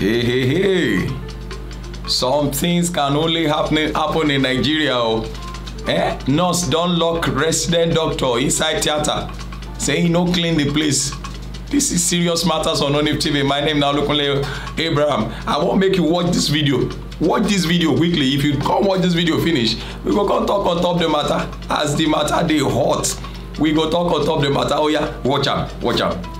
Hey, hey, hey. Some things can only happen, happen in Nigeria. Oh. Eh? Nurse don lock resident doctor inside theatre saying no clean the place. This is serious matters on Onif TV. My name now Lukunle Abraham. I won't make you watch this video. Watch this video quickly. If you come watch this video finish, we go come talk on top the matter. As the matter dey hot, we go talk on top the matter. Oh yeah, watch am, watch am.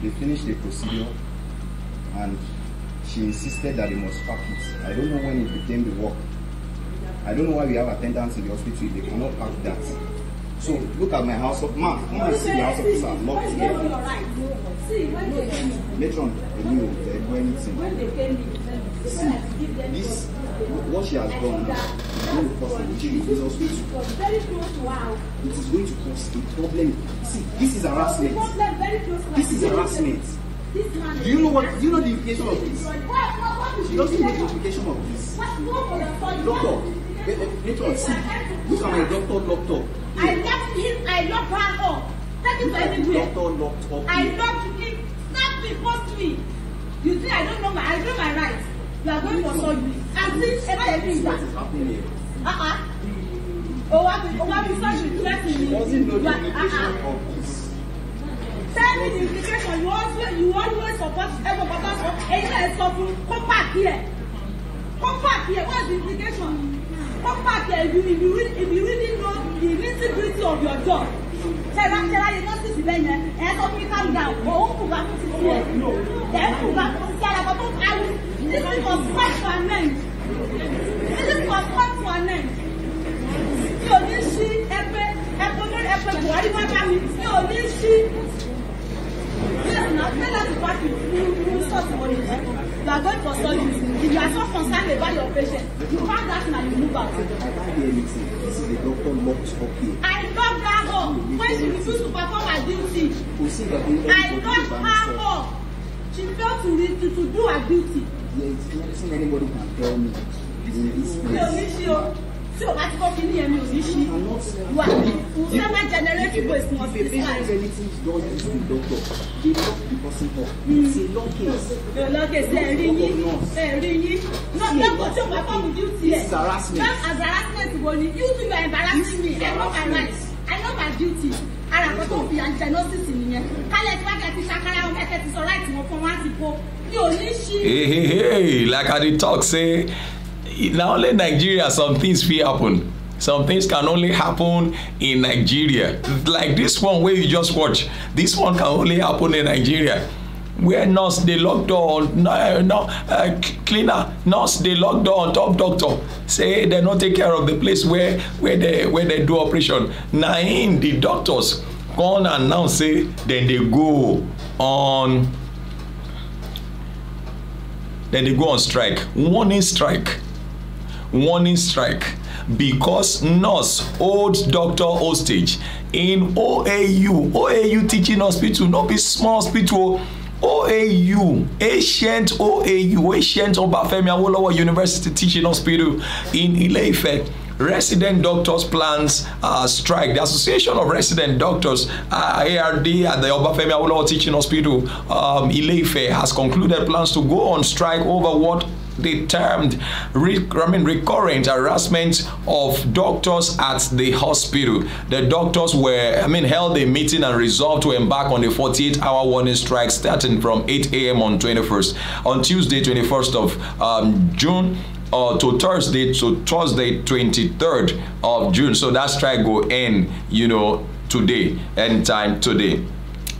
They finished the procedure and she insisted that they must pack it. I don't know when it became the work. I don't know why we have attendants in the hospital if they cannot pack that. So look at my house of man. Come and see the house officer locked here. Matron, you do anything. See, this, what she has done now when the person which you is also to very close to wow. It is going to cause a problem. See, this is harassment. This is harassment. Do you know what? Do you know the implication of this? She doesn't know the implication of this. Doctor, Nathan, eh, eh, see, look at my doctor locked up. I left him. I locked her up. That is everywhere. Doctor locked up. I locked him. Nothing forced me. You think I don't know my? I know my rights. You are going for surgery. ẹ̀ fi ìgbà. Owa bi owa bi such reflecting in the like uh-uh. Tell me the implication you always you always support ẹgbẹ́ but that's èyí náà sọ fún kó pààkì ẹ̀ kó what's the implication? Come back here if you if you really if you really know the integrity of your job tẹ́lá tẹ́lá yẹn lọ sí ìsìlẹ̀ yẹn ẹ̀ sọ fún mi calm down òun kù bá fún ti sílẹ̀ ẹ̀ kù bá fún ti sílẹ̀ àbábọ̀ àwọn this is for such a I can't hear anything this is the doctor locked up I lock her when she refuse to perform her duty. I lock her up she fail to to to do her duty. there is nothing anybody can tell me in this place tí o bá ti kọ́ kí ní ẹni ò ní ṣí wà fún sábà generative waste wọn sí sáà. the patient relatives don use the doctor the doctor the person talk it's a long case. the long case ẹ rí yín ẹ rí yín no doctor tí o bá fọ́ọ̀mù duty ẹ̀ not as harassment wo ni you too you are embarrassing me i know my right i know my duty ara kan tó fi diagnosis nìyẹn kálẹ̀ tí wọ́n kẹ́ ti ṣàkárá wọn kẹ́ ti sọ right wọn fún wọn á ti kó mi ò ní ṣí. like i dey talk say na only nigeria some things fit happen some things can only happen in nigeria like this one wey you just watch this one can only happen in nigeria where nurse dey lock door No, no, uh, cleaner nurse dey lock door on top doctor say dem no take care of the place where where dey where dey do operation na im the doctors come announce say dem dey go on dem dey go on strike warning strike warning strike because nurse hold doctor hostage in oau oau teaching hospital no be small hospital oau ancient oau ancient obafemi awolowo university teaching hospital in ileife resident doctors plans uh, strike the association of resident doctors uh, ard at the obafemi awolowo teaching hospital um, ileife has concluded plans to go on strike over what They termed I mean, recurrent harassment of doctors at the hospital. The doctors were, I mean, held a meeting and resolved to embark on a 48-hour warning strike starting from 8 a.m. on 21st, on Tuesday, 21st of um, June. Uh, to Thursday to Thursday 23rd of June so that strike will end you know today end time today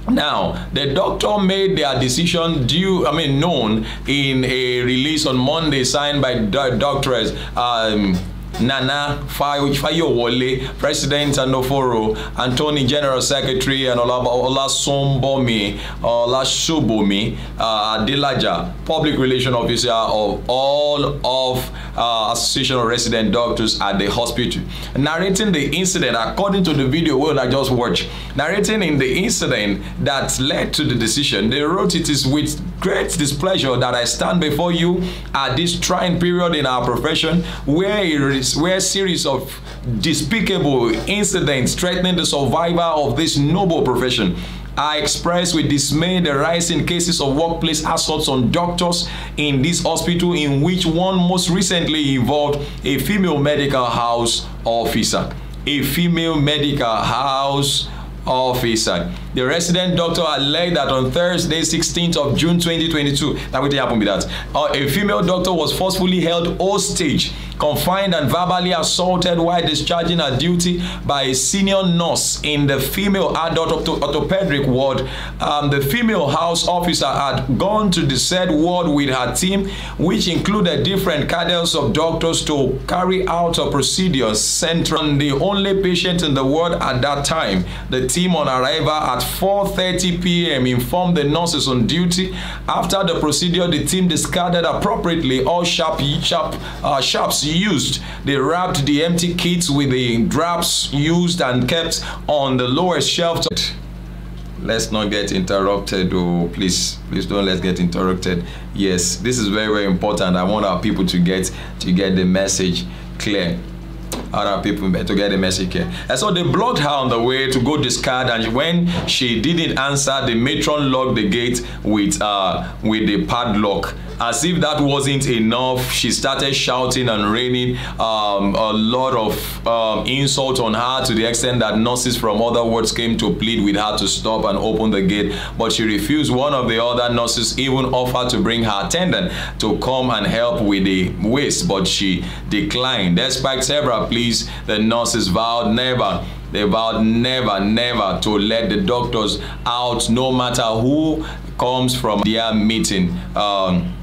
now, the doctor made their decision due, I mean, known in a release on Monday signed by doctors. Um, Nana Wole, President Oforo, Anthony General Secretary, and Olasumbomi Olashubomi uh, Public Relation Officer of all of uh, Association of Resident Doctors at the hospital. Narrating the incident, according to the video world I just watched, narrating in the incident that led to the decision, they wrote it is with great displeasure that I stand before you at this trying period in our profession where it Paris, where a series of despicable incidents threatening the survival of this noble profession. I express with dismay the rising cases of workplace assaults on doctors in this hospital in which one most recently involved a female medical house officer. A female medical house officer. The resident doctor alleged that on Thursday, 16th of June 2022, that would happen with that, uh, a female doctor was forcefully held hostage, confined and verbally assaulted while discharging her duty by a senior nurse in the female adult orthopedic ward. Um, the female house officer had gone to the said ward with her team, which included different cadres of doctors to carry out a procedure centered on the only patient in the ward at that time. The team on arrival at 4.30 p.m. informed the nurses on duty. After the procedure, the team discarded appropriately all sharp, sharp, uh, sharps used. They wrapped the empty kits with the drops used and kept on the lowest shelf. Let's not get interrupted, oh, please, please don't let's get interrupted. Yes, this is very, very important. I want our people to get to get the message clear. other people to get the message, care. And so they blocked her on the way to go discard. And when she didn't answer, the matron locked the gate with uh, with the padlock. As if that wasn't enough, she started shouting and raining um, a lot of um, insult on her to the extent that nurses from other wards came to plead with her to stop and open the gate, but she refused. One of the other nurses even offered to bring her attendant to come and help with the waste, but she declined. Despite several pleas, the nurses vowed never they vowed never, never to let the doctors out, no matter who comes from their meeting. Um,